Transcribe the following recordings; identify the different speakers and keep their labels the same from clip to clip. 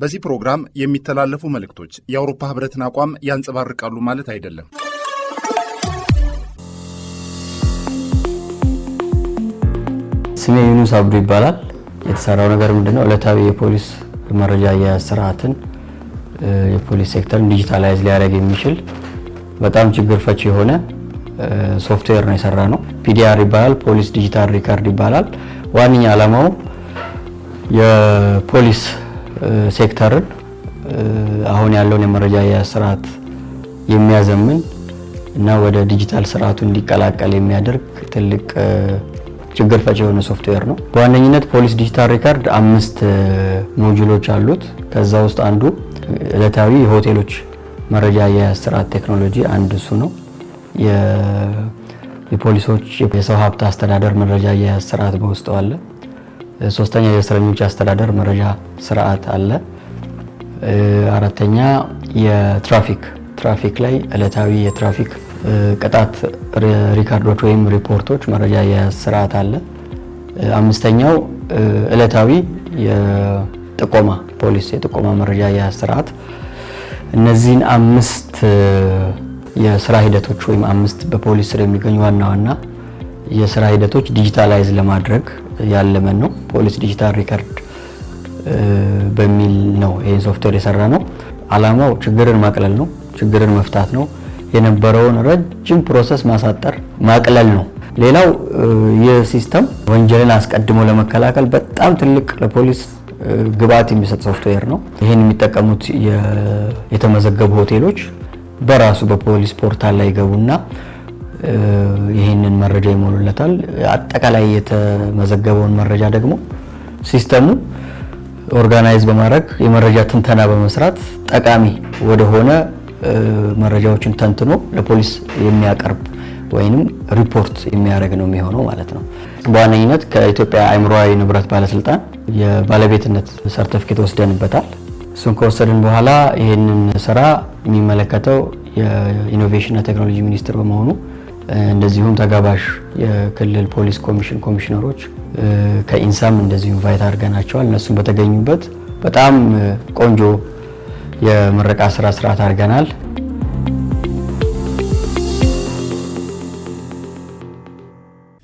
Speaker 1: በዚህ ፕሮግራም የሚተላለፉ መልእክቶች የአውሮፓ ህብረትን አቋም ያንጸባርቃሉ ማለት አይደለም።
Speaker 2: ስሜ ዩኑስ አብዱ ይባላል። የተሰራው ነገር ምንድነው? እለታዊ የፖሊስ መረጃ ስርዓትን የፖሊስ ሴክተርን ዲጂታላይዝ ሊያደርግ የሚችል በጣም ችግር ፈች የሆነ ሶፍትዌር ነው የሰራ ነው። ፒዲአር ይባላል። ፖሊስ ዲጂታል ሪከርድ ይባላል። ዋነኛ ዓላማው የፖሊስ ሴክተርን አሁን ያለውን የመረጃ አያያዝ ስርዓት የሚያዘምን እና ወደ ዲጂታል ስርዓቱ እንዲቀላቀል የሚያደርግ ትልቅ ችግር ፈጭ የሆነ ሶፍትዌር ነው። በዋነኝነት ፖሊስ ዲጂታል ሪካርድ አምስት ሞጁሎች አሉት። ከዛ ውስጥ አንዱ ዕለታዊ የሆቴሎች መረጃ አያያዝ ስርዓት ቴክኖሎጂ አንድ እሱ ነው። የፖሊሶች የሰው ሀብት አስተዳደር መረጃ አያያዝ ስርዓት በውስጡ አለ። ሶስተኛ የእስረኞች አስተዳደር መረጃ ስርዓት አለ። አራተኛ የትራፊክ ትራፊክ ላይ እለታዊ የትራፊክ ቅጣት ሪካርዶች ወይም ሪፖርቶች መረጃ የስርዓት አለ። አምስተኛው እለታዊ የጥቆማ ፖሊስ የጥቆማ መረጃ የስርዓት እነዚህን አምስት የስራ ሂደቶች ወይም አምስት በፖሊስ ስር የሚገኙ ዋና ዋና የስራ ሂደቶች ዲጂታላይዝ ለማድረግ ያለመን ነው። ፖሊስ ዲጂታል ሪከርድ በሚል ነው ይህን ሶፍትዌር የሰራ ነው። አላማው ችግርን ማቅለል ነው፣ ችግርን መፍታት ነው። የነበረውን ረጅም ፕሮሰስ ማሳጠር ማቅለል ነው። ሌላው ይህ ሲስተም ወንጀልን አስቀድሞ ለመከላከል በጣም ትልቅ ለፖሊስ ግብዓት የሚሰጥ ሶፍትዌር ነው። ይህን የሚጠቀሙት የተመዘገቡ ሆቴሎች በራሱ በፖሊስ ፖርታል ላይ ይገቡና ይህንን መረጃ ይሞሉለታል። አጠቃላይ የተመዘገበውን መረጃ ደግሞ ሲስተሙ ኦርጋናይዝ በማድረግ የመረጃ ትንተና በመስራት ጠቃሚ ወደሆነ መረጃዎችን ተንትኖ ለፖሊስ የሚያቀርብ ወይም ሪፖርት የሚያደርግ ነው የሚሆነው ማለት ነው። በዋነኝነት ከኢትዮጵያ አእምሯዊ ንብረት ባለስልጣን የባለቤትነት ሰርተፍኬት ወስደንበታል። እሱን ከወሰድን በኋላ ይህንን ስራ የሚመለከተው የኢኖቬሽንና ቴክኖሎጂ ሚኒስቴር በመሆኑ እንደዚሁም ተጋባዥ የክልል ፖሊስ ኮሚሽን ኮሚሽነሮች ከኢንሳም እንደዚሁ ኢንቫይት አድርገናቸዋል። እነሱም በተገኙበት በጣም ቆንጆ የምረቃ ስራ ስርዓት አድርገናል።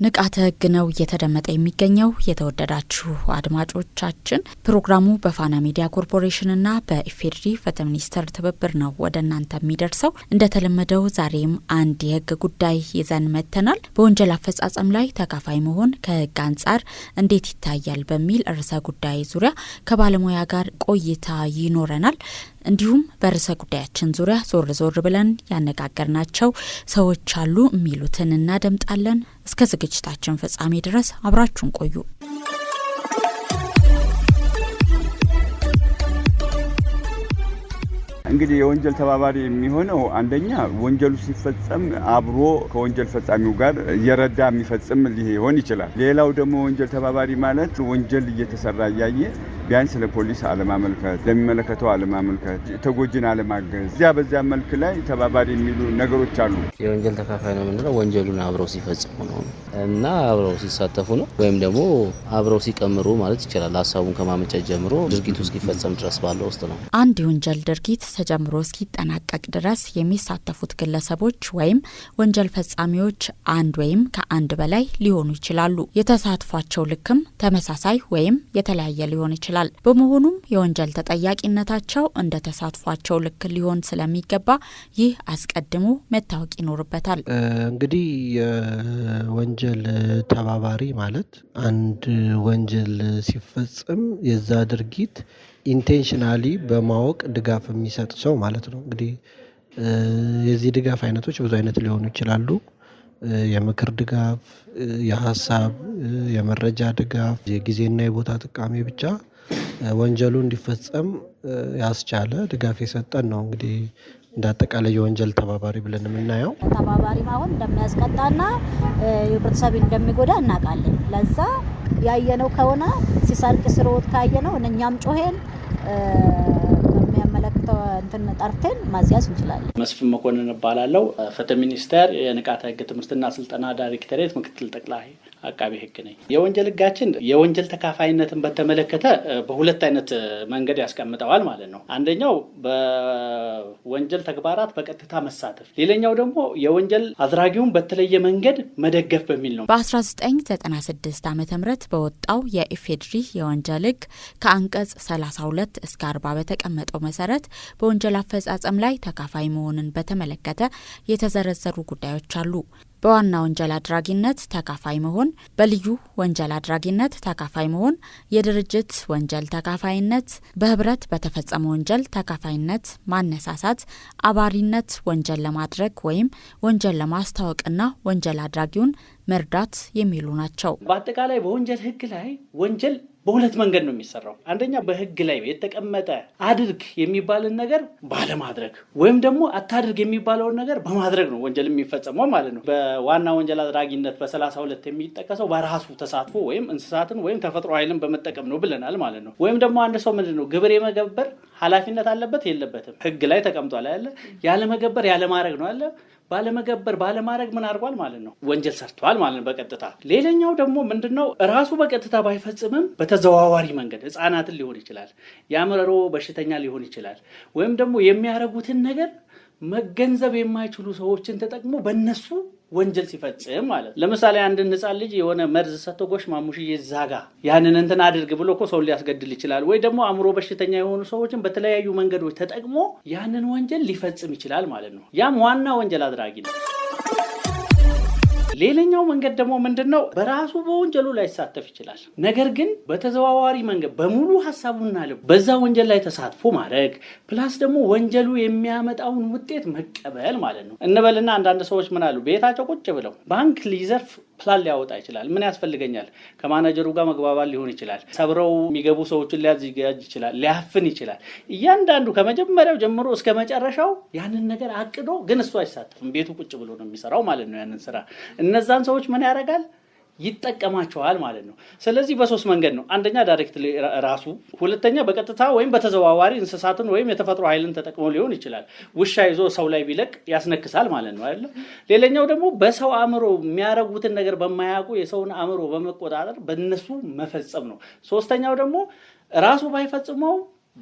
Speaker 3: ንቃተ ህግ ነው እየተደመጠ የሚገኘው። የተወደዳችሁ አድማጮቻችን ፕሮግራሙ በፋና ሚዲያ ኮርፖሬሽንና በኢፌድሪ ፍትህ ሚኒስቴር ትብብር ነው ወደ እናንተ የሚደርሰው። እንደተለመደው ዛሬም አንድ የህግ ጉዳይ ይዘን መጥተናል። በወንጀል አፈጻጸም ላይ ተካፋይ መሆን ከህግ አንጻር እንዴት ይታያል በሚል ርዕሰ ጉዳይ ዙሪያ ከባለሙያ ጋር ቆይታ ይኖረናል። እንዲሁም በርዕሰ ጉዳያችን ዙሪያ ዞር ዞር ብለን ያነጋገርናቸው ሰዎች አሉ የሚሉትን እናደምጣለን። እስከ ዝግጅታችን ፍጻሜ ድረስ አብራችሁን ቆዩ።
Speaker 2: እንግዲህ የወንጀል ተባባሪ የሚሆነው አንደኛ ወንጀሉ ሲፈጸም አብሮ ከወንጀል ፈጻሚው ጋር እየረዳ የሚፈጽም ሊሆን ይችላል። ሌላው ደግሞ ወንጀል ተባባሪ ማለት ወንጀል እየተሰራ እያየ ቢያንስ ለፖሊስ አለማመልከት፣ ለሚመለከተው አለማመልከት፣ ተጎጂን አለማገዝ፣ እዚያ በዚያ መልክ ላይ ተባባሪ የሚሉ ነገሮች አሉ። የወንጀል ተካፋይ ነው የምንለው ወንጀሉን አብረው ሲፈጽሙ ነው። እና አብረው ሲሳተፉ ነው ወይም ደግሞ አብረው ሲቀምሩ ማለት ይችላል። ሀሳቡን ከማመንጨት ጀምሮ ድርጊቱ እስኪፈጸም ድረስ ባለው ውስጥ ነው።
Speaker 3: አንድ የወንጀል ድርጊት ተጀምሮ እስኪጠናቀቅ ድረስ የሚሳተፉት ግለሰቦች ወይም ወንጀል ፈጻሚዎች አንድ ወይም ከአንድ በላይ ሊሆኑ ይችላሉ። የተሳትፏቸው ልክም ተመሳሳይ ወይም የተለያየ ሊሆን ይችላል። በመሆኑም የወንጀል ተጠያቂነታቸው እንደ ተሳትፏቸው ልክ ሊሆን ስለሚገባ ይህ አስቀድሞ መታወቅ ይኖርበታል።
Speaker 2: እንግዲህ ወንጀል ተባባሪ ማለት አንድ ወንጀል ሲፈጸም የዛ ድርጊት ኢንቴንሽናሊ በማወቅ ድጋፍ የሚሰጥ ሰው ማለት ነው። እንግዲህ የዚህ ድጋፍ አይነቶች ብዙ አይነት ሊሆኑ ይችላሉ። የምክር ድጋፍ የሀሳብ የመረጃ ድጋፍ የጊዜና የቦታ ጥቃሜ ብቻ ወንጀሉ እንዲፈጸም ያስቻለ ድጋፍ የሰጠን ነው። እንግዲህ እንደ አጠቃላይ የወንጀል ተባባሪ ብለን የምናየው
Speaker 4: ተባባሪ አሁን እንደሚያስቀጣና ህብረተሰብ እንደሚጎዳ እናውቃለን። ለዛ ያየነው ከሆነ ሲሰርቅ ሲሮጥ ካየነው እነኛም ጮሄን እንትን ጠርተን ማስያዝ እንችላለን።
Speaker 5: መስፍን መኮንን እባላለሁ። ፍትህ ሚኒስቴር የንቃተ ህግ ትምህርትና ስልጠና ዳይሬክተሬት ምክትል ጠቅላይ አቃቢ ህግ ነኝ። የወንጀል ህጋችን የወንጀል ተካፋይነትን በተመለከተ በሁለት አይነት መንገድ ያስቀምጠዋል ማለት ነው። አንደኛው በወንጀል ተግባራት በቀጥታ መሳተፍ፣ ሌላኛው ደግሞ የወንጀል አድራጊውን በተለየ መንገድ መደገፍ በሚል ነው።
Speaker 3: በ1996 ዓ ም በወጣው የኢፌድሪ የወንጀል ህግ ከአንቀጽ 32 እስከ 40 በተቀመጠው መሰረት በወንጀል አፈጻጸም ላይ ተካፋይ መሆንን በተመለከተ የተዘረዘሩ ጉዳዮች አሉ። በዋና ወንጀል አድራጊነት ተካፋይ መሆን፣ በልዩ ወንጀል አድራጊነት ተካፋይ መሆን፣ የድርጅት ወንጀል ተካፋይነት፣ በህብረት በተፈጸመ ወንጀል ተካፋይነት፣ ማነሳሳት፣ አባሪነት፣ ወንጀል ለማድረግ ወይም ወንጀል ለማስታወቅና ወንጀል አድራጊውን መርዳት የሚሉ ናቸው።
Speaker 5: በአጠቃላይ በወንጀል ህግ ላይ ወንጀል በሁለት መንገድ ነው የሚሰራው። አንደኛ በህግ ላይ የተቀመጠ አድርግ የሚባልን ነገር ባለማድረግ ወይም ደግሞ አታድርግ የሚባለውን ነገር በማድረግ ነው ወንጀል የሚፈጸመው ማለት ነው። በዋና ወንጀል አድራጊነት በሰላሳ ሁለት የሚጠቀሰው በራሱ ተሳትፎ ወይም እንስሳትን ወይም ተፈጥሮ ኃይልን በመጠቀም ነው ብለናል ማለት ነው። ወይም ደግሞ አንድ ሰው ምንድን ነው ግብር የመገበር ኃላፊነት አለበት የለበትም? ህግ ላይ ተቀምጧል ያለ ያለመገበር ያለማድረግ ነው አለ ባለመገበር ባለማድረግ ምን አድርጓል ማለት ነው? ወንጀል ሰርቷል ማለት ነው በቀጥታ። ሌላኛው ደግሞ ምንድነው ራሱ በቀጥታ ባይፈጽምም በተዘዋዋሪ መንገድ ህፃናትን ሊሆን ይችላል፣ የአእምሮ በሽተኛ ሊሆን ይችላል፣ ወይም ደግሞ የሚያደርጉትን ነገር መገንዘብ የማይችሉ ሰዎችን ተጠቅሞ በእነሱ ወንጀል ሲፈጽም ማለት ለምሳሌ አንድን ህፃን ልጅ የሆነ መርዝ ሰጥቶ ጎሽ ማሙሽ ዛጋ ያንን እንትን አድርግ ብሎ እኮ ሰው ሊያስገድል ይችላል። ወይ ደግሞ አእምሮ በሽተኛ የሆኑ ሰዎችን በተለያዩ መንገዶች ተጠቅሞ ያንን ወንጀል ሊፈጽም ይችላል ማለት ነው። ያም ዋና ወንጀል አድራጊ ነው። ሌላኛው መንገድ ደግሞ ምንድን ነው? በራሱ በወንጀሉ ላይሳተፍ ይችላል። ነገር ግን በተዘዋዋሪ መንገድ በሙሉ ሀሳቡና ልብ በዛ ወንጀል ላይ ተሳትፎ ማድረግ ፕላስ ደግሞ ወንጀሉ የሚያመጣውን ውጤት መቀበል ማለት ነው። እንበልና አንዳንድ ሰዎች ምን አሉ፣ ቤታቸው ቁጭ ብለው ባንክ ሊዘርፍ ፕላን ሊያወጣ ይችላል። ምን ያስፈልገኛል? ከማናጀሩ ጋር መግባባት ሊሆን ይችላል። ሰብረው የሚገቡ ሰዎችን ሊያዘጋጅ ይችላል። ሊያፍን ይችላል። እያንዳንዱ ከመጀመሪያው ጀምሮ እስከ መጨረሻው ያንን ነገር አቅዶ፣ ግን እሱ አይሳተፍም። ቤቱ ቁጭ ብሎ ነው የሚሰራው ማለት ነው ያንን ስራ እነዛን ሰዎች ምን ያደርጋል? ይጠቀማቸዋል ማለት ነው። ስለዚህ በሶስት መንገድ ነው። አንደኛ ዳይሬክት ራሱ፣ ሁለተኛ በቀጥታ ወይም በተዘዋዋሪ እንስሳትን ወይም የተፈጥሮ ኃይልን ተጠቅሞ ሊሆን ይችላል። ውሻ ይዞ ሰው ላይ ቢለቅ ያስነክሳል ማለት ነው አይደለ? ሌላኛው ደግሞ በሰው አእምሮ የሚያደርጉትን ነገር በማያውቁ የሰውን አእምሮ በመቆጣጠር በነሱ መፈጸም ነው። ሶስተኛው ደግሞ ራሱ ባይፈጽመው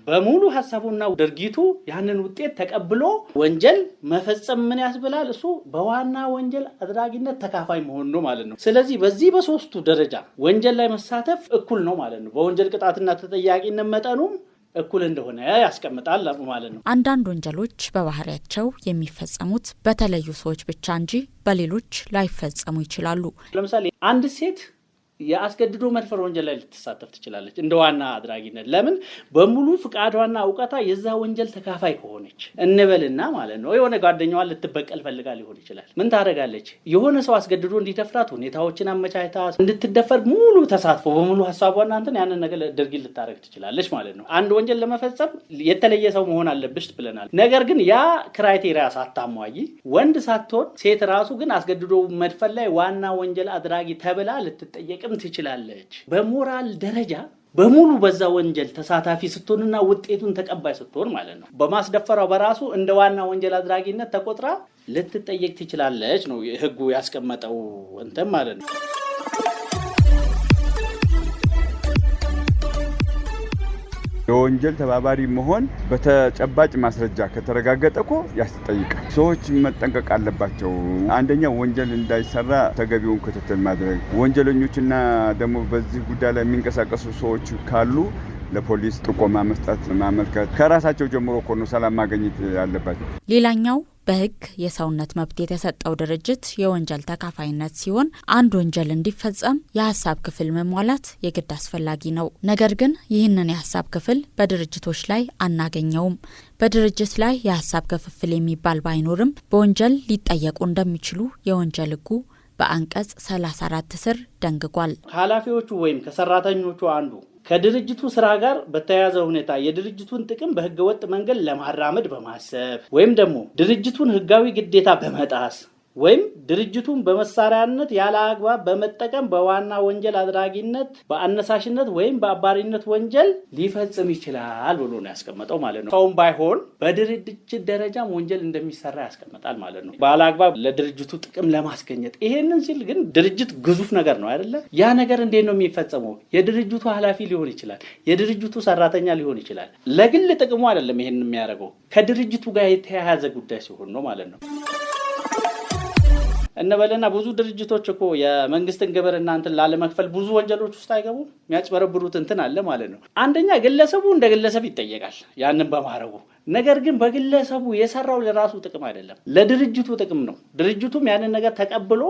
Speaker 5: በሙሉ ሀሳቡና ድርጊቱ ያንን ውጤት ተቀብሎ ወንጀል መፈጸም ምን ያስብላል? እሱ በዋና ወንጀል አድራጊነት ተካፋይ መሆን ነው ማለት ነው። ስለዚህ በዚህ በሶስቱ ደረጃ ወንጀል ላይ መሳተፍ እኩል ነው ማለት ነው። በወንጀል ቅጣትና ተጠያቂነት መጠኑም እኩል እንደሆነ ያስቀምጣል ማለት ነው።
Speaker 3: አንዳንድ ወንጀሎች በባህሪያቸው የሚፈጸሙት በተለዩ ሰዎች ብቻ እንጂ በሌሎች ላይፈጸሙ ይችላሉ።
Speaker 5: ለምሳሌ አንድ ሴት የአስገድዶ መድፈር ወንጀል ላይ ልትሳተፍ ትችላለች። እንደ ዋና አድራጊነት ለምን በሙሉ ፍቃዷና እውቀቷ የዛ ወንጀል ተካፋይ ከሆነች እንበልና ማለት ነው። የሆነ ጓደኛዋን ልትበቀል ፈልጋ ሊሆን ይችላል። ምን ታደርጋለች? የሆነ ሰው አስገድዶ እንዲደፍራት ሁኔታዎችን አመቻችታ እንድትደፈር ሙሉ ተሳትፎ በሙሉ ሀሳቧና እንትን ያንን ነገር ድርጊት ልታደርግ ትችላለች ማለት ነው። አንድ ወንጀል ለመፈጸም የተለየ ሰው መሆን አለብሽ ብለናል። ነገር ግን ያ ክራይቴሪያ ሳታሟይ ወንድ ሳትሆን ሴት ራሱ ግን አስገድዶ መድፈር ላይ ዋና ወንጀል አድራጊ ተብላ ልትጠየቅ ልትጠቅም ትችላለች። በሞራል ደረጃ በሙሉ በዛ ወንጀል ተሳታፊ ስትሆንና ውጤቱን ተቀባይ ስትሆን ማለት ነው። በማስደፈሯ በራሱ እንደ ዋና ወንጀል አድራጊነት ተቆጥራ ልትጠየቅ ትችላለች ነው ህጉ ያስቀመጠው እንትን ማለት ነው።
Speaker 2: የወንጀል ተባባሪ መሆን በተጨባጭ ማስረጃ ከተረጋገጠ እኮ ያስጠይቃል። ሰዎች መጠንቀቅ አለባቸው። አንደኛ ወንጀል እንዳይሰራ ተገቢውን ክትትል ማድረግ፣ ወንጀለኞችና ደግሞ በዚህ ጉዳይ ላይ የሚንቀሳቀሱ ሰዎች ካሉ ለፖሊስ ጥቆማ መስጠት፣ ማመልከት ከራሳቸው ጀምሮ እኮ ነው ሰላም ማግኘት ያለባቸው።
Speaker 3: ሌላኛው በህግ የሰውነት መብት የተሰጠው ድርጅት የወንጀል ተካፋይነት ሲሆን አንድ ወንጀል እንዲፈጸም የሀሳብ ክፍል መሟላት የግድ አስፈላጊ ነው። ነገር ግን ይህንን የሀሳብ ክፍል በድርጅቶች ላይ አናገኘውም። በድርጅት ላይ የሀሳብ ክፍፍል የሚባል ባይኖርም በወንጀል ሊጠየቁ እንደሚችሉ የወንጀል ህጉ በአንቀጽ 34 ስር ደንግጓል።
Speaker 5: ከኃላፊዎቹ ወይም ከሰራተኞቹ አንዱ ከድርጅቱ ስራ ጋር በተያያዘ ሁኔታ የድርጅቱን ጥቅም በህገወጥ መንገድ ለማራመድ በማሰብ ወይም ደግሞ ድርጅቱን ህጋዊ ግዴታ በመጣስ ወይም ድርጅቱን በመሳሪያነት ያለ አግባብ በመጠቀም በዋና ወንጀል አድራጊነት በአነሳሽነት ወይም በአባሪነት ወንጀል ሊፈጽም ይችላል ብሎ ነው ያስቀመጠው ማለት ነው። ሰውም ባይሆን በድርጅት ደረጃም ወንጀል እንደሚሰራ ያስቀምጣል ማለት ነው። ባለ አግባብ ለድርጅቱ ጥቅም ለማስገኘት ይሄንን ሲል ግን ድርጅት ግዙፍ ነገር ነው አይደለ? ያ ነገር እንዴት ነው የሚፈጸመው? የድርጅቱ ኃላፊ ሊሆን ይችላል፣ የድርጅቱ ሰራተኛ ሊሆን ይችላል። ለግል ጥቅሙ አይደለም ይሄን የሚያደርገው ከድርጅቱ ጋር የተያያዘ ጉዳይ ሲሆን ነው ማለት ነው። እንበልና ብዙ ድርጅቶች እኮ የመንግስትን ግብር እናንትን ላለመክፈል ብዙ ወንጀሎች ውስጥ አይገቡም። የሚያጭበረብሩት እንትን አለ ማለት ነው። አንደኛ ግለሰቡ እንደ ግለሰብ ይጠየቃል። ያንን በማረጉ ነገር ግን በግለሰቡ የሰራው ለራሱ ጥቅም አይደለም፣ ለድርጅቱ ጥቅም ነው። ድርጅቱም ያንን ነገር ተቀብሎ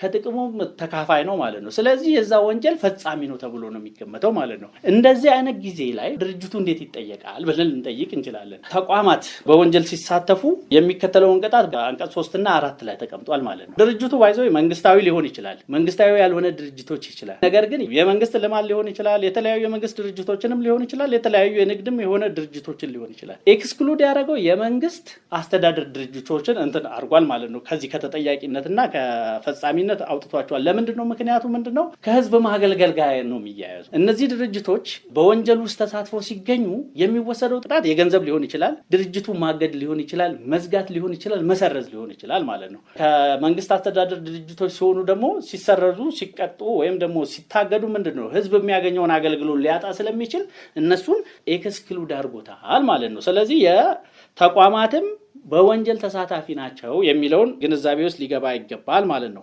Speaker 5: ከጥቅሙ ተካፋይ ነው ማለት ነው። ስለዚህ የዛ ወንጀል ፈጻሚ ነው ተብሎ ነው የሚገመተው ማለት ነው። እንደዚህ አይነት ጊዜ ላይ ድርጅቱ እንዴት ይጠየቃል ብለን ልንጠይቅ እንችላለን። ተቋማት በወንጀል ሲሳተፉ የሚከተለውን ቅጣት አንቀጽ ሶስትና አራት ላይ ተቀምጧል ማለት ነው። ድርጅቱ ባይዘ መንግስታዊ ሊሆን ይችላል፣ መንግስታዊ ያልሆነ ድርጅቶች ይችላል። ነገር ግን የመንግስት ልማት ሊሆን ይችላል፣ የተለያዩ የመንግስት ድርጅቶችንም ሊሆን ይችላል፣ የተለያዩ የንግድም የሆነ ድርጅቶችን ሊሆን ይችላል ኤክስክሉድ ያደረገው የመንግስት አስተዳደር ድርጅቶችን እንትን አድርጓል ማለት ነው። ከዚህ ከተጠያቂነትና ከፈጻሚነት አውጥቷቸዋል። ለምንድን ነው? ምክንያቱ ምንድን ነው? ከህዝብ ማገልገል ጋር ነው የሚያያዙ። እነዚህ ድርጅቶች በወንጀል ውስጥ ተሳትፈው ሲገኙ የሚወሰደው ቅጣት የገንዘብ ሊሆን ይችላል፣ ድርጅቱ ማገድ ሊሆን ይችላል፣ መዝጋት ሊሆን ይችላል፣ መሰረዝ ሊሆን ይችላል ማለት ነው። ከመንግስት አስተዳደር ድርጅቶች ሲሆኑ ደግሞ ሲሰረዙ፣ ሲቀጡ ወይም ደግሞ ሲታገዱ ምንድን ነው ህዝብ የሚያገኘውን አገልግሎት ሊያጣ ስለሚችል እነሱን ኤክስክሉድ አድርጎታል ማለት ነው። ስለዚህ የተቋማትም በወንጀል ተሳታፊ ናቸው የሚለውን ግንዛቤ ውስጥ ሊገባ ይገባል ማለት ነው።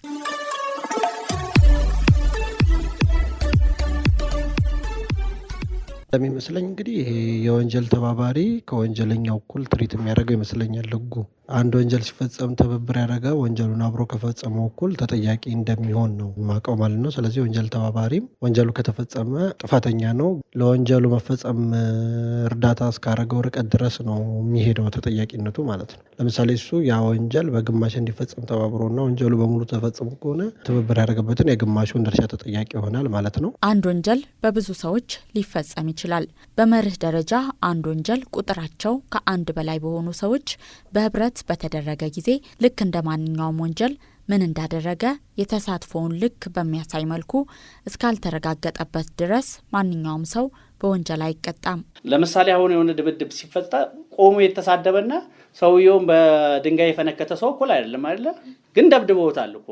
Speaker 2: እንደሚመስለኝ እንግዲህ ይሄ የወንጀል ተባባሪ ከወንጀለኛው እኩል ትሪት የሚያደርገው ይመስለኛል ህጉ። አንድ ወንጀል ሲፈጸም ትብብር ያደረገ ወንጀሉን አብሮ ከፈጸመው እኩል ተጠያቂ እንደሚሆን ነው የማውቀው ማለት ነው። ስለዚህ ወንጀል ተባባሪም ወንጀሉ ከተፈጸመ ጥፋተኛ ነው፣ ለወንጀሉ መፈጸም እርዳታ እስካደረገው ርቀት ድረስ ነው የሚሄደው ተጠያቂነቱ ማለት ነው። ለምሳሌ እሱ ያ ወንጀል በግማሽ እንዲፈጸም ተባብሮና ወንጀሉ በሙሉ ተፈጽሞ ከሆነ ትብብር ያደረገበትን የግማሹን ድርሻ ተጠያቂ ይሆናል ማለት ነው።
Speaker 3: አንድ ወንጀል በብዙ ሰዎች ሊፈጸም ይችላል። በመርህ ደረጃ አንድ ወንጀል ቁጥራቸው ከአንድ በላይ በሆኑ ሰዎች በህብረት ውይይት በተደረገ ጊዜ ልክ እንደ ማንኛውም ወንጀል ምን እንዳደረገ የተሳትፎውን ልክ በሚያሳይ መልኩ እስካልተረጋገጠበት ድረስ ማንኛውም ሰው በወንጀል አይቀጣም።
Speaker 5: ለምሳሌ አሁን የሆነ ድብድብ ሲፈጣ ቆሞ የተሳደበና ሰውየውን በድንጋይ የፈነከተ ሰው እኩል አይደለም አይደለ? ግን ደብድበውታል እኮ።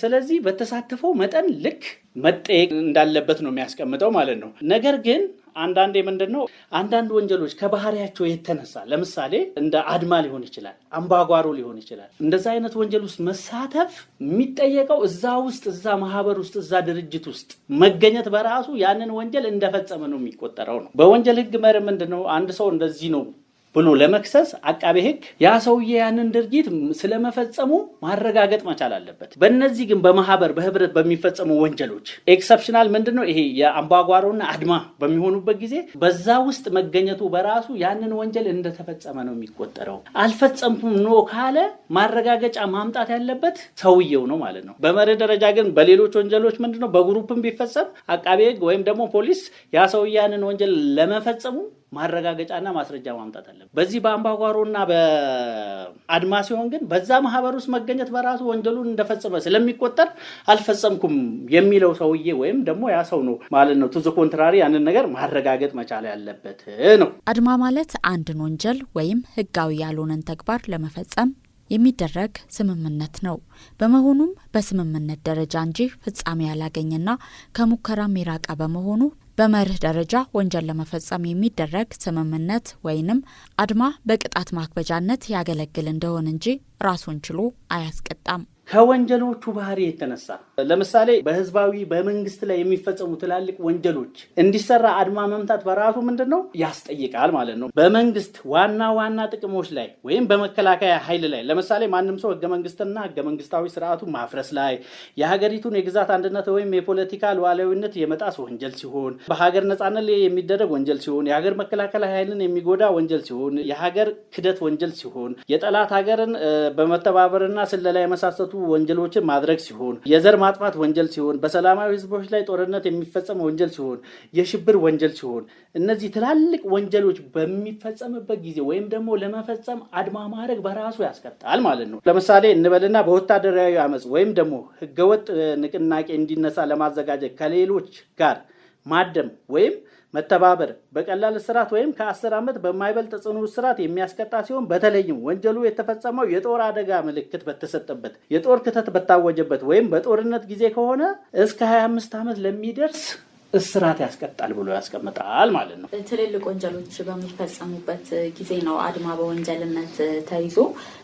Speaker 5: ስለዚህ በተሳተፈው መጠን ልክ መጠየቅ እንዳለበት ነው የሚያስቀምጠው ማለት ነው። ነገር ግን አንዳንዴ ምንድን ነው አንዳንድ ወንጀሎች ከባህሪያቸው የተነሳ ለምሳሌ እንደ አድማ ሊሆን ይችላል፣ አምባጓሮ ሊሆን ይችላል። እንደዛ አይነት ወንጀል ውስጥ መሳተፍ የሚጠየቀው እዛ ውስጥ እዛ ማህበር ውስጥ እዛ ድርጅት ውስጥ መገኘት በራሱ ያንን ወንጀል እንደፈጸመ ነው የሚቆጠረው ነው። በወንጀል ህግ መር ምንድን ነው አንድ ሰው እንደዚህ ነው ብሎ ለመክሰስ አቃቤ ሕግ ያ ሰውዬ ያንን ድርጊት ስለመፈጸሙ ማረጋገጥ መቻል አለበት። በእነዚህ ግን በማህበር በህብረት በሚፈጸሙ ወንጀሎች ኤክሰፕሽናል ምንድን ነው ይሄ የአምባጓሮና አድማ በሚሆኑበት ጊዜ በዛ ውስጥ መገኘቱ በራሱ ያንን ወንጀል እንደተፈጸመ ነው የሚቆጠረው። አልፈጸምኩም ኖ ካለ ማረጋገጫ ማምጣት ያለበት ሰውየው ነው ማለት ነው። በመርህ ደረጃ ግን በሌሎች ወንጀሎች ምንድነው ነው በግሩፕም ቢፈጸም አቃቤ ሕግ ወይም ደግሞ ፖሊስ ያ ሰውዬ ያንን ወንጀል ለመፈጸሙ ማረጋገጫና ማስረጃ ማምጣት አለብን። በዚህ በአምባጓሮና በአድማ ሲሆን ግን በዛ ማህበር ውስጥ መገኘት በራሱ ወንጀሉን እንደፈጸመ ስለሚቆጠር አልፈጸምኩም የሚለው ሰውዬ ወይም ደግሞ ያ ሰው ነው ማለት ነው። ቱዝ ኮንትራሪ ያንን ነገር ማረጋገጥ መቻል ያለበት ነው።
Speaker 3: አድማ ማለት አንድን ወንጀል ወይም ህጋዊ ያልሆነን ተግባር ለመፈጸም የሚደረግ ስምምነት ነው። በመሆኑም በስምምነት ደረጃ እንጂ ፍጻሜ ያላገኘና ከሙከራም የራቀ በመሆኑ በመርህ ደረጃ ወንጀል ለመፈጸም የሚደረግ ስምምነት ወይንም አድማ በቅጣት ማክበጃነት ያገለግል እንደሆን እንጂ ራሱን ችሎ አያስቀጣም።
Speaker 5: ከወንጀሎቹ ባህሪ የተነሳ ለምሳሌ በህዝባዊ በመንግስት ላይ የሚፈጸሙ ትላልቅ ወንጀሎች እንዲሰራ አድማ መምታት በራሱ ምንድን ነው ያስጠይቃል ማለት ነው። በመንግስት ዋና ዋና ጥቅሞች ላይ ወይም በመከላከያ ኃይል ላይ ለምሳሌ ማንም ሰው ህገ መንግስትና ህገ መንግስታዊ ስርዓቱ ማፍረስ ላይ የሀገሪቱን የግዛት አንድነት ወይም የፖለቲካ ሉዓላዊነት የመጣስ ወንጀል ሲሆን፣ በሀገር ነጻነት ላይ የሚደረግ ወንጀል ሲሆን፣ የሀገር መከላከያ ኃይልን የሚጎዳ ወንጀል ሲሆን፣ የሀገር ክደት ወንጀል ሲሆን፣ የጠላት ሀገርን በመተባበርና ስለላ የመሳሰቱ ወንጀሎችን ማድረግ ሲሆን የዘር ማጥፋት ወንጀል ሲሆን በሰላማዊ ህዝቦች ላይ ጦርነት የሚፈጸም ወንጀል ሲሆን የሽብር ወንጀል ሲሆን እነዚህ ትላልቅ ወንጀሎች በሚፈጸምበት ጊዜ ወይም ደግሞ ለመፈጸም አድማ ማድረግ በራሱ ያስቀጣል ማለት ነው። ለምሳሌ እንበልና በወታደራዊ አመፅ ወይም ደግሞ ህገወጥ ንቅናቄ እንዲነሳ ለማዘጋጀት ከሌሎች ጋር ማደም ወይም መተባበር በቀላል እስራት ወይም ከአስር ዓመት በማይበልጥ ጽኑ እስራት የሚያስቀጣ ሲሆን በተለይም ወንጀሉ የተፈጸመው የጦር አደጋ ምልክት በተሰጠበት የጦር ክተት በታወጀበት ወይም በጦርነት ጊዜ ከሆነ እስከ 25 ዓመት ለሚደርስ እስራት ያስቀጣል ብሎ ያስቀምጣል ማለት ነው።
Speaker 6: ትልልቅ ወንጀሎች በሚፈጸሙበት ጊዜ ነው አድማ በወንጀልነት ተይዞ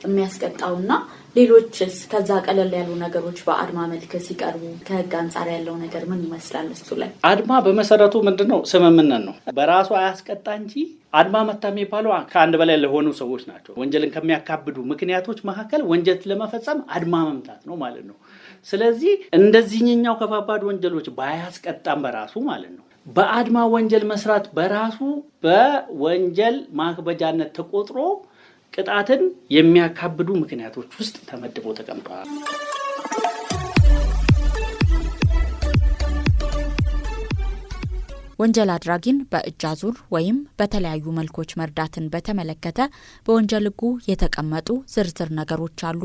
Speaker 6: የሚያስቀጣው እና ሌሎችስ ከዛ ቀለል ያሉ ነገሮች በአድማ መልክ ሲቀርቡ ከህግ አንጻር ያለው ነገር ምን ይመስላል? እሱ ላይ
Speaker 5: አድማ በመሰረቱ ምንድን ነው? ስምምነት ነው። በራሱ አያስቀጣ እንጂ አድማ መታ የሚባለው ከአንድ በላይ ለሆኑ ሰዎች ናቸው። ወንጀልን ከሚያካብዱ ምክንያቶች መካከል ወንጀል ለመፈጸም አድማ መምታት ነው ማለት ነው። ስለዚህ እንደዚህኛው ከባባድ ወንጀሎች ባያስቀጣም በራሱ ማለት ነው በአድማ ወንጀል መስራት በራሱ በወንጀል ማክበጃነት ተቆጥሮ ቅጣትን የሚያካብዱ ምክንያቶች ውስጥ ተመድቦ ተቀምጠዋል።
Speaker 3: ወንጀል አድራጊን በእጅ አዙር ወይም በተለያዩ መልኮች መርዳትን በተመለከተ በወንጀል ሕጉ የተቀመጡ ዝርዝር ነገሮች አሉ።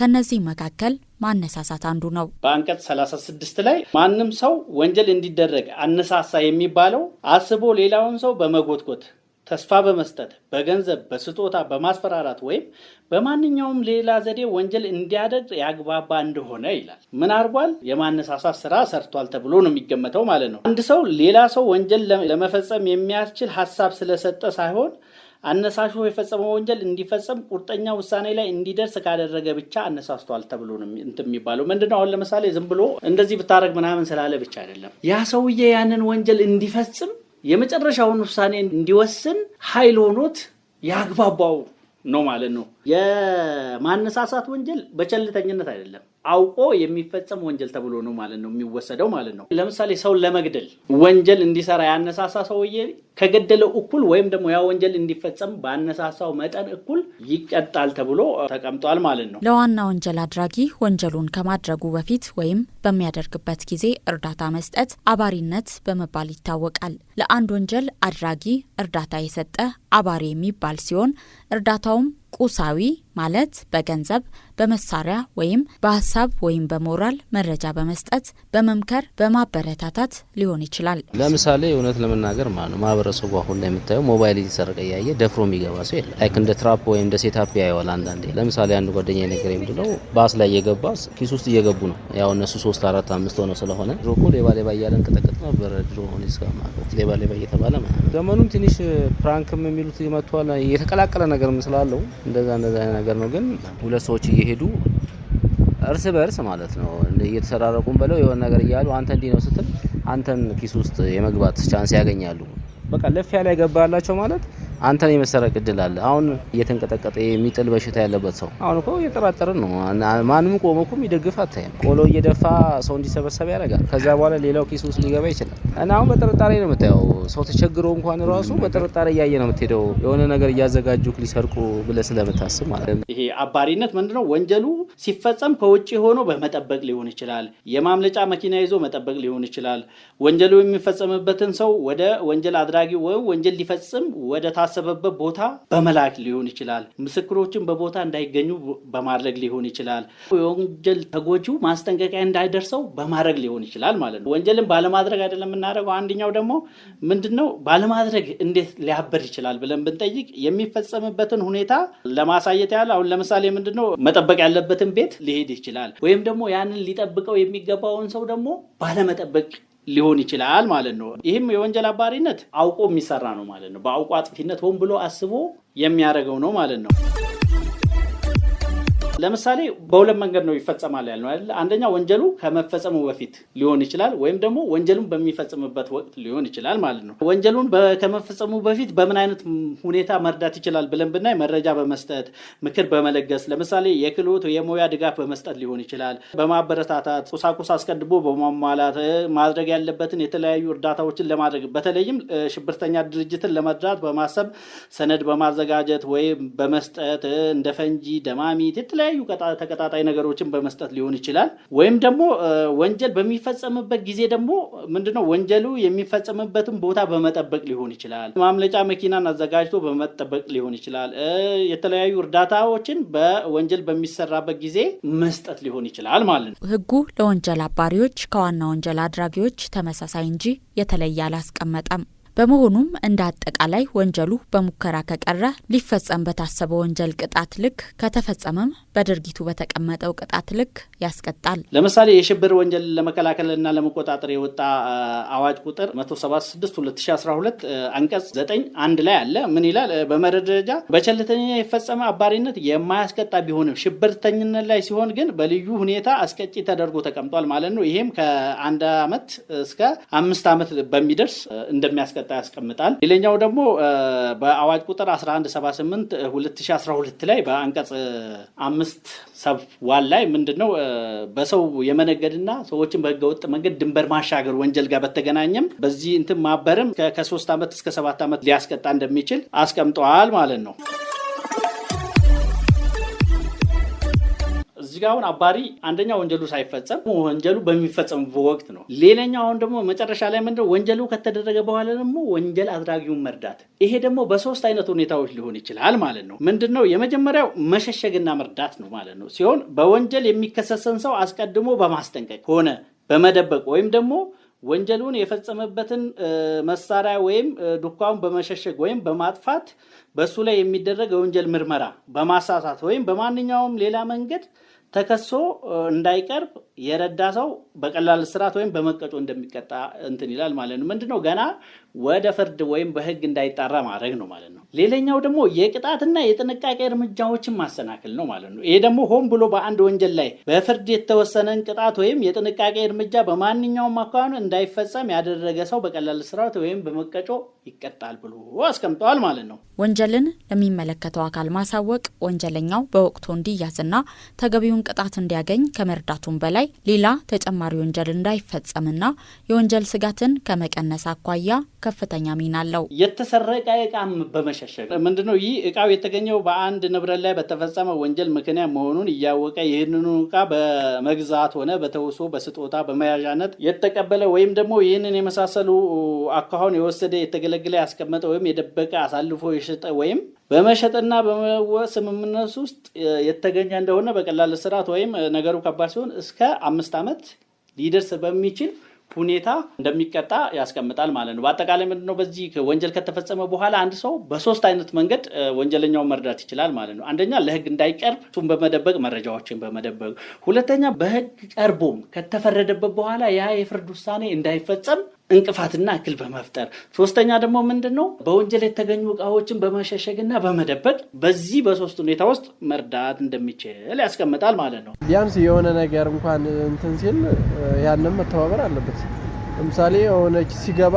Speaker 3: ከነዚህ መካከል ማነሳሳት አንዱ ነው።
Speaker 5: በአንቀጽ 36 ላይ ማንም ሰው ወንጀል እንዲደረግ አነሳሳ የሚባለው አስቦ ሌላውን ሰው በመጎትጎት ተስፋ በመስጠት በገንዘብ በስጦታ በማስፈራራት ወይም በማንኛውም ሌላ ዘዴ ወንጀል እንዲያደርግ ያግባባ እንደሆነ ይላል። ምን አድርጓል? የማነሳሳት ስራ ሰርቷል ተብሎ ነው የሚገመተው ማለት ነው። አንድ ሰው ሌላ ሰው ወንጀል ለመፈጸም የሚያስችል ሀሳብ ስለሰጠ ሳይሆን አነሳሹ የፈጸመው ወንጀል እንዲፈጸም ቁርጠኛ ውሳኔ ላይ እንዲደርስ ካደረገ ብቻ አነሳስቷል ተብሎ ነው እንትን የሚባለው። ምንድነው አሁን ለምሳሌ ዝም ብሎ እንደዚህ ብታደረግ ምናምን ስላለ ብቻ አይደለም ያ ሰውዬ ያንን ወንጀል እንዲፈጽም የመጨረሻውን ውሳኔ እንዲወስን ኃይል ሆኖት ያግባባው ነው ማለት ነው። የማነሳሳት ወንጀል በቸልተኝነት አይደለም፣ አውቆ የሚፈጸም ወንጀል ተብሎ ነው ማለት ነው የሚወሰደው ማለት ነው። ለምሳሌ ሰው ለመግደል ወንጀል እንዲሰራ ያነሳሳ ሰውዬ ከገደለው እኩል ወይም ደግሞ ያ ወንጀል እንዲፈጸም ባነሳሳው መጠን እኩል ይቀጣል ተብሎ ተቀምጧል ማለት ነው።
Speaker 3: ለዋና ወንጀል አድራጊ ወንጀሉን ከማድረጉ በፊት ወይም በሚያደርግበት ጊዜ እርዳታ መስጠት አባሪነት በመባል ይታወቃል። ለአንድ ወንጀል አድራጊ እርዳታ የሰጠ አባሪ የሚባል ሲሆን እርዳታውም Kusawi ማለት በገንዘብ፣ በመሳሪያ ወይም በሀሳብ ወይም በሞራል መረጃ በመስጠት በመምከር በማበረታታት ሊሆን ይችላል።
Speaker 7: ለምሳሌ እውነት ለመናገር ማለት ማህበረሰቡ አሁን ላይ የምታየው ሞባይል እየተሰረቀ እያየ ደፍሮ የሚገባ ሰው የለ። ላይክ እንደ ትራፕ ወይም እንደ ሴታፕ ያየዋል። አንዳንዴ ለምሳሌ አንድ ጓደኛ ነገር ምንድነው ባስ ላይ እየገባ ኪስ ውስጥ እየገቡ ነው። ያው እነሱ ሶስት አራት አምስት ሆነው ስለሆነ ድሮ እኮ ሌባ ሌባ እያለ እንቀጠቀጥ ነበረ። ድሮ ሆነ ሌባ ሌባ እየተባለ ዘመኑም ትንሽ ፕራንክም የሚሉት መጥቷል። የተቀላቀለ ነገር ስላለው እንደዛ እንደዛ ነገር ነው። ግን ሁለት ሰዎች እየሄዱ እርስ በእርስ ማለት ነው እየተሰራረቁም ብለው የሆነ ነገር እያሉ አንተ እንዲህ ነው ስትል አንተም ኪስ ውስጥ የመግባት ቻንስ ያገኛሉ። በቃ ለፊያ ላይ ገባ ማለት አንተን የመሰረቅ እድል አለ። አሁን እየተንቀጠቀጠ የሚጥል በሽታ ያለበት ሰው አሁን እኮ እየጠራጠርን ነው። ማንም ቆሞ እኮ የሚደግፍ አታይም። ቆሎ እየደፋ ሰው እንዲሰበሰብ ያደርጋል። ከዛ በኋላ ሌላው ኪስ ውስጥ ሊገባ ይችላል። እና አሁን በጥርጣሬ ነው የምታየው። ሰው ተቸግሮ እንኳን ራሱ በጥርጣሬ እያየ ነው የምትሄደው። የሆነ ነገር እያዘጋጁ ሊሰርቁ ብለህ ስለምታስብ ማለት ነው።
Speaker 5: ይሄ አባሪነት ምንድነው? ወንጀሉ ሲፈጸም ከውጭ ሆኖ በመጠበቅ ሊሆን ይችላል። የማምለጫ መኪና ይዞ መጠበቅ ሊሆን ይችላል። ወንጀሉ የሚፈጸምበትን ሰው ወደ ወንጀል አድራጊ ወይም ወንጀል ሊፈጽም ወደ ታ ወደታሰበበት ቦታ በመላክ ሊሆን ይችላል። ምስክሮችን በቦታ እንዳይገኙ በማድረግ ሊሆን ይችላል። የወንጀል ተጎጂው ማስጠንቀቂያ እንዳይደርሰው በማድረግ ሊሆን ይችላል ማለት ነው። ወንጀልን ባለማድረግ አይደለም የምናደርገው። አንደኛው ደግሞ ምንድን ነው ባለማድረግ እንዴት ሊያበር ይችላል ብለን ብንጠይቅ የሚፈጸምበትን ሁኔታ ለማሳየት ያህል አሁን ለምሳሌ ምንድን ነው መጠበቅ ያለበትን ቤት ሊሄድ ይችላል። ወይም ደግሞ ያንን ሊጠብቀው የሚገባውን ሰው ደግሞ ባለመጠበቅ ሊሆን ይችላል ማለት ነው። ይህም የወንጀል አባሪነት አውቆ የሚሰራ ነው ማለት ነው። በአውቆ አጥፊነት ሆን ብሎ አስቦ የሚያደርገው ነው ማለት ነው። ለምሳሌ በሁለት መንገድ ነው ይፈጸማል ያልነው አይደል? አንደኛ ወንጀሉ ከመፈጸሙ በፊት ሊሆን ይችላል፣ ወይም ደግሞ ወንጀሉን በሚፈጽምበት ወቅት ሊሆን ይችላል ማለት ነው። ወንጀሉን ከመፈጸሙ በፊት በምን አይነት ሁኔታ መርዳት ይችላል ብለን ብናይ መረጃ በመስጠት ምክር በመለገስ ለምሳሌ የክህሎት የሙያ ድጋፍ በመስጠት ሊሆን ይችላል፣ በማበረታታት ቁሳቁስ አስቀድሞ በማሟላት ማድረግ ያለበትን የተለያዩ እርዳታዎችን ለማድረግ በተለይም ሽብርተኛ ድርጅትን ለመርዳት በማሰብ ሰነድ በማዘጋጀት ወይም በመስጠት እንደ ፈንጂ ደማሚት የተለያዩ የተለያዩ ተቀጣጣይ ነገሮችን በመስጠት ሊሆን ይችላል። ወይም ደግሞ ወንጀል በሚፈጸምበት ጊዜ ደግሞ ምንድነው ወንጀሉ የሚፈጸምበትን ቦታ በመጠበቅ ሊሆን ይችላል። ማምለጫ መኪናን አዘጋጅቶ በመጠበቅ ሊሆን ይችላል። የተለያዩ እርዳታዎችን በወንጀል በሚሰራበት ጊዜ መስጠት ሊሆን ይችላል ማለት ነው።
Speaker 3: ህጉ ለወንጀል አባሪዎች ከዋና ወንጀል አድራጊዎች ተመሳሳይ እንጂ የተለየ አላስቀመጠም። በመሆኑም እንደ አጠቃላይ ወንጀሉ በሙከራ ከቀረ ሊፈጸም በታሰበ ወንጀል ቅጣት ልክ ከተፈጸመም በድርጊቱ በተቀመጠው ቅጣት ልክ ያስቀጣል።
Speaker 5: ለምሳሌ የሽብር ወንጀል ለመከላከልና ለመቆጣጠር የወጣ አዋጅ ቁጥር 176/2012 አንቀጽ 9 አንድ ላይ አለ። ምን ይላል? በመርህ በቸልተኛ የፈጸመ አባሪነት የማያስቀጣ ቢሆንም ሽብርተኝነት ላይ ሲሆን ግን በልዩ ሁኔታ አስቀጪ ተደርጎ ተቀምጧል ማለት ነው። ይሄም ከአንድ ዓመት እስከ አምስት ዓመት በሚደርስ እንደሚያስቀ እንደሚሰጠ ያስቀምጣል። ሌላኛው ደግሞ በአዋጅ ቁጥር 1178 2012 ላይ በአንቀጽ አምስት ሰብ ዋን ላይ ምንድን ነው በሰው የመነገድና ሰዎችን በህገወጥ መንገድ ድንበር ማሻገር ወንጀል ጋር በተገናኘም በዚህ እንትን ማበርም ከሶስት ዓመት እስከ ሰባት ዓመት ሊያስቀጣ እንደሚችል አስቀምጠዋል ማለት ነው። እዚህ ጋር አሁን አባሪ አንደኛ ወንጀሉ ሳይፈጸም ወንጀሉ በሚፈጸምበት ወቅት ነው። ሌላኛው አሁን ደግሞ መጨረሻ ላይ ምንድ ወንጀሉ ከተደረገ በኋላ ደግሞ ወንጀል አድራጊውን መርዳት። ይሄ ደግሞ በሶስት አይነት ሁኔታዎች ሊሆን ይችላል ማለት ነው። ምንድን ነው የመጀመሪያው መሸሸግና መርዳት ነው ማለት ነው ሲሆን በወንጀል የሚከሰሰን ሰው አስቀድሞ በማስጠንቀቅ ሆነ በመደበቅ ወይም ደግሞ ወንጀሉን የፈጸመበትን መሳሪያ ወይም ዱካውን በመሸሸግ ወይም በማጥፋት በእሱ ላይ የሚደረግ የወንጀል ምርመራ በማሳሳት ወይም በማንኛውም ሌላ መንገድ ተከሶ እንዳይቀርብ የረዳ ሰው በቀላል ስርዓት ወይም በመቀጮ እንደሚቀጣ እንትን ይላል ማለት ነው። ምንድነው ገና ወደ ፍርድ ወይም በህግ እንዳይጣራ ማድረግ ነው ማለት ነው። ሌላኛው ደግሞ የቅጣትና የጥንቃቄ እርምጃዎችን ማሰናክል ነው ማለት ነው። ይሄ ደግሞ ሆን ብሎ በአንድ ወንጀል ላይ በፍርድ የተወሰነን ቅጣት ወይም የጥንቃቄ እርምጃ በማንኛውም አካባቢ እንዳይፈጸም ያደረገ ሰው በቀላል ስርዓት ወይም በመቀጮ ይቀጣል ብሎ አስቀምጠዋል ማለት ነው።
Speaker 3: ወንጀልን ለሚመለከተው አካል ማሳወቅ ወንጀለኛው በወቅቱ እንዲያዝና ተገቢውን ቅጣት እንዲያገኝ ከመርዳቱም በላይ ላይ ሌላ ተጨማሪ ወንጀል እንዳይፈጸምና የወንጀል ስጋትን ከመቀነስ አኳያ ከፍተኛ ሚና አለው።
Speaker 5: የተሰረቀ እቃም በመሸሸግ ምንድነው ይህ እቃው የተገኘው በአንድ ንብረት ላይ በተፈጸመ ወንጀል ምክንያት መሆኑን እያወቀ ይህንኑ እቃ በመግዛት ሆነ በተውሶ በስጦታ በመያዣነት የተቀበለ ወይም ደግሞ ይህንን የመሳሰሉ አካሁን የወሰደ የተገለገለ ያስቀመጠ ወይም የደበቀ አሳልፎ የሸጠ ወይም በመሸጥና በመለወጥ ስምምነት ውስጥ የተገኘ እንደሆነ በቀላል እስራት ወይም ነገሩ ከባድ ሲሆን እስከ አምስት ዓመት ሊደርስ በሚችል ሁኔታ እንደሚቀጣ ያስቀምጣል ማለት ነው። በአጠቃላይ ምንድነው በዚህ ወንጀል ከተፈጸመ በኋላ አንድ ሰው በሶስት አይነት መንገድ ወንጀለኛውን መርዳት ይችላል ማለት ነው። አንደኛ ለሕግ እንዳይቀርብ እሱን በመደበቅ መረጃዎችን በመደበቅ፣ ሁለተኛ በሕግ ቀርቦም ከተፈረደበት በኋላ ያ የፍርድ ውሳኔ እንዳይፈጸም እንቅፋትና እክል በመፍጠር ሶስተኛ ደግሞ ምንድን ነው በወንጀል የተገኙ እቃዎችን በመሸሸግና በመደበቅ በዚህ በሶስት ሁኔታ ውስጥ መርዳት እንደሚችል ያስቀምጣል ማለት ነው።
Speaker 8: ቢያንስ የሆነ ነገር እንኳን እንትን ሲል ያንም መተባበር አለበት። ለምሳሌ የሆነ ሲገባ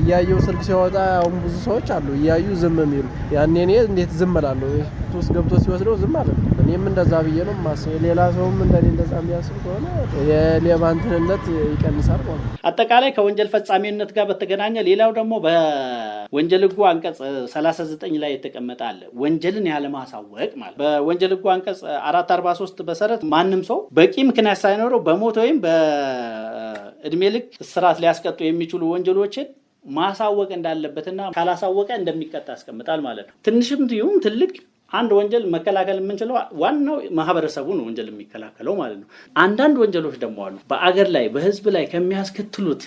Speaker 8: እያየው ስልክ ሲያወጣ አሁን ብዙ ሰዎች አሉ እያዩ ዝም የሚሉ ያኔ እኔ እንዴት ዝም እላለሁ? ውስጥ ገብቶ ሲወስደው ዝም አለ። እኔም እንደዛ ብዬ ነው የማስበው። ሌላ ሰውም እንደኔ እንደዛ የሚያስብ ከሆነ የሌባንትንነት ይቀንሳል ማለት ነው።
Speaker 5: አጠቃላይ ከወንጀል ፈጻሚነት ጋር በተገናኘ ሌላው ደግሞ በወንጀል ህጉ አንቀጽ 39 ላይ የተቀመጠ አለ። ወንጀልን ያለማሳወቅ ማለት በወንጀል ህጉ አንቀጽ 443 መሰረት ማንም ሰው በቂ ምክንያት ሳይኖረው በሞት ወይም በእድሜ ልክ እስራት ሊያስቀጡ የሚችሉ ወንጀሎችን ማሳወቅ እንዳለበትና ካላሳወቀ እንደሚቀጣ ያስቀምጣል ማለት ነው። ትንሽም ትሁን ትልቅ አንድ ወንጀል መከላከል የምንችለው ዋናው ማህበረሰቡ ነው፣ ወንጀል የሚከላከለው ማለት ነው። አንዳንድ ወንጀሎች ደግሞ አሉ በአገር ላይ በህዝብ ላይ ከሚያስከትሉት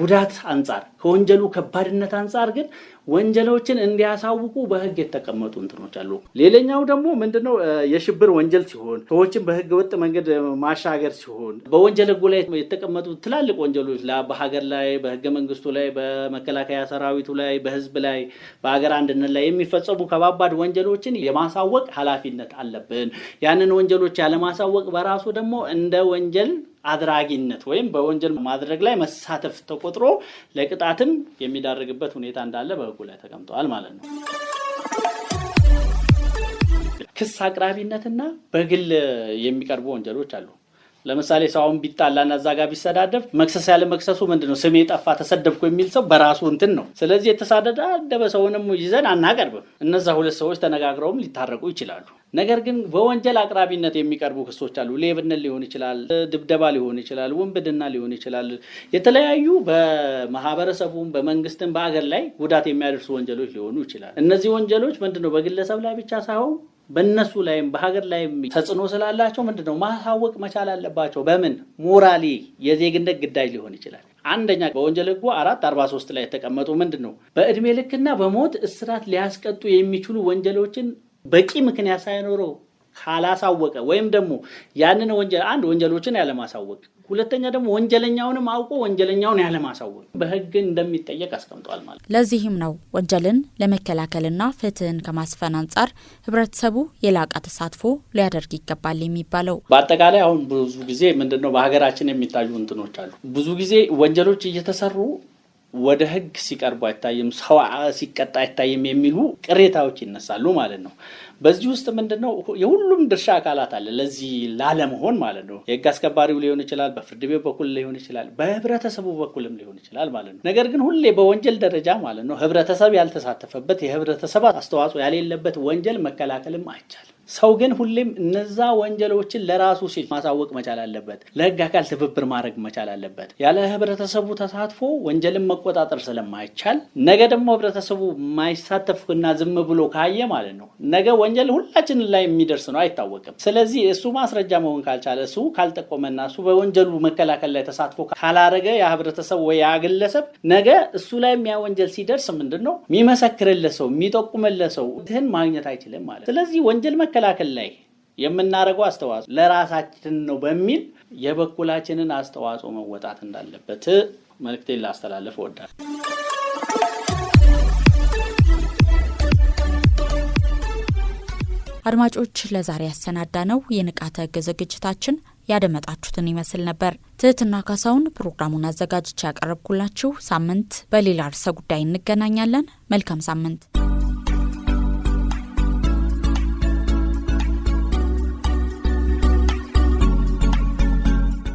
Speaker 5: ጉዳት አንጻር ከወንጀሉ ከባድነት አንጻር ግን ወንጀሎችን እንዲያሳውቁ በህግ የተቀመጡ እንትኖች አሉ። ሌላኛው ደግሞ ምንድነው የሽብር ወንጀል ሲሆን ሰዎችን በህገ ወጥ መንገድ ማሻገር ሲሆን በወንጀል ህጉ ላይ የተቀመጡ ትላልቅ ወንጀሎች በሀገር ላይ በህገ መንግስቱ ላይ በመከላከያ ሰራዊቱ ላይ በህዝብ ላይ በሀገር አንድነት ላይ የሚፈጸሙ ከባባድ ወንጀሎችን የማሳወቅ ኃላፊነት አለብን። ያንን ወንጀሎች ያለማሳወቅ በራሱ ደግሞ እንደ ወንጀል አድራጊነት ወይም በወንጀል ማድረግ ላይ መሳተፍ ተቆጥሮ ለቅጣትም የሚዳርግበት ሁኔታ እንዳለ በህጉ ላይ ተቀምጠዋል ማለት ነው። ክስ አቅራቢነትና በግል የሚቀርቡ ወንጀሎች አሉ። ለምሳሌ ሰው አሁን ቢጣላና እዛ ጋር ቢሰዳደብ መክሰስ ያለ መክሰሱ ምንድን ነው? ስሜ ጠፋ ተሰደብኩ የሚል ሰው በራሱ እንትን ነው። ስለዚህ የተሳደደ አደበ ሰውንም ይዘን አናቀርብም። እነዛ ሁለት ሰዎች ተነጋግረውም ሊታረቁ ይችላሉ። ነገር ግን በወንጀል አቅራቢነት የሚቀርቡ ክሶች አሉ። ሌብነት ሊሆን ይችላል፣ ድብደባ ሊሆን ይችላል፣ ውንብድና ሊሆን ይችላል። የተለያዩ በማህበረሰቡም በመንግስትም በአገር ላይ ጉዳት የሚያደርሱ ወንጀሎች ሊሆኑ ይችላል። እነዚህ ወንጀሎች ምንድነው በግለሰብ ላይ ብቻ ሳይሆን በእነሱ ላይም በሀገር ላይም ተጽዕኖ ስላላቸው ምንድን ነው ማሳወቅ መቻል አለባቸው። በምን ሞራሊ የዜግነት ግዳጅ ሊሆን ይችላል። አንደኛ በወንጀል ሕጉ አራት አርባ ሶስት ላይ የተቀመጡ ምንድን ነው በእድሜ ልክና በሞት እስራት ሊያስቀጡ የሚችሉ ወንጀሎችን በቂ ምክንያት ሳይኖረው ካላሳወቀ ወይም ደግሞ ያንን ወንጀል አንድ ወንጀሎችን ያለማሳወቅ ሁለተኛ ደግሞ ወንጀለኛውንም አውቆ ወንጀለኛውን ያለማሳወቅ በህግ እንደሚጠየቅ አስቀምጧል። ማለት
Speaker 3: ለዚህም ነው ወንጀልን ለመከላከልና ፍትህን ከማስፈን አንጻር ህብረተሰቡ የላቀ ተሳትፎ ሊያደርግ ይገባል የሚባለው።
Speaker 5: በአጠቃላይ አሁን ብዙ ጊዜ ምንድነው በሀገራችን የሚታዩ እንትኖች አሉ። ብዙ ጊዜ ወንጀሎች እየተሰሩ ወደ ህግ ሲቀርቡ አይታይም፣ ሰው ሲቀጣ አይታይም የሚሉ ቅሬታዎች ይነሳሉ ማለት ነው። በዚህ ውስጥ ምንድን ነው የሁሉም ድርሻ አካላት አለ ለዚህ ላለመሆን ማለት ነው። የህግ አስከባሪው ሊሆን ይችላል፣ በፍርድ ቤት በኩል ሊሆን ይችላል፣ በህብረተሰቡ በኩልም ሊሆን ይችላል ማለት ነው። ነገር ግን ሁሌ በወንጀል ደረጃ ማለት ነው ህብረተሰብ ያልተሳተፈበት የህብረተሰብ አስተዋጽኦ ያሌለበት ወንጀል መከላከልም አይቻልም። ሰው ግን ሁሌም እነዛ ወንጀሎችን ለራሱ ሲል ማሳወቅ መቻል አለበት። ለህግ አካል ትብብር ማድረግ መቻል አለበት። ያለ ህብረተሰቡ ተሳትፎ ወንጀልን መቆጣጠር ስለማይቻል ነገ ደግሞ ህብረተሰቡ የማይሳተፍና ዝም ብሎ ካየ ማለት ነው ነገ ወንጀል ሁላችን ላይ የሚደርስ ነው አይታወቅም። ስለዚህ እሱ ማስረጃ መሆን ካልቻለ፣ እሱ ካልጠቆመና እሱ በወንጀሉ መከላከል ላይ ተሳትፎ ካላረገ ያ ህብረተሰብ ወይ ያ ግለሰብ ነገ እሱ ላይ ያ ወንጀል ሲደርስ ምንድን ነው የሚመሰክርለት ሰው የሚጠቁምለት ሰው ትህን ማግኘት አይችልም ማለት ስለዚህ ወንጀል መከላከል ላይ የምናደርገው አስተዋጽኦ ለራሳችን ነው በሚል የበኩላችንን አስተዋጽኦ መወጣት እንዳለበት መልክቴን ላስተላልፍ እወዳለሁ።
Speaker 3: አድማጮች ለዛሬ ያሰናዳ ነው የንቃተ ህግ ዝግጅታችን ያደመጣችሁትን ይመስል ነበር። ትህትና ካሳውን ፕሮግራሙን አዘጋጅቼ ያቀረብኩላችሁ። ሳምንት በሌላ ርዕሰ ጉዳይ እንገናኛለን። መልካም ሳምንት።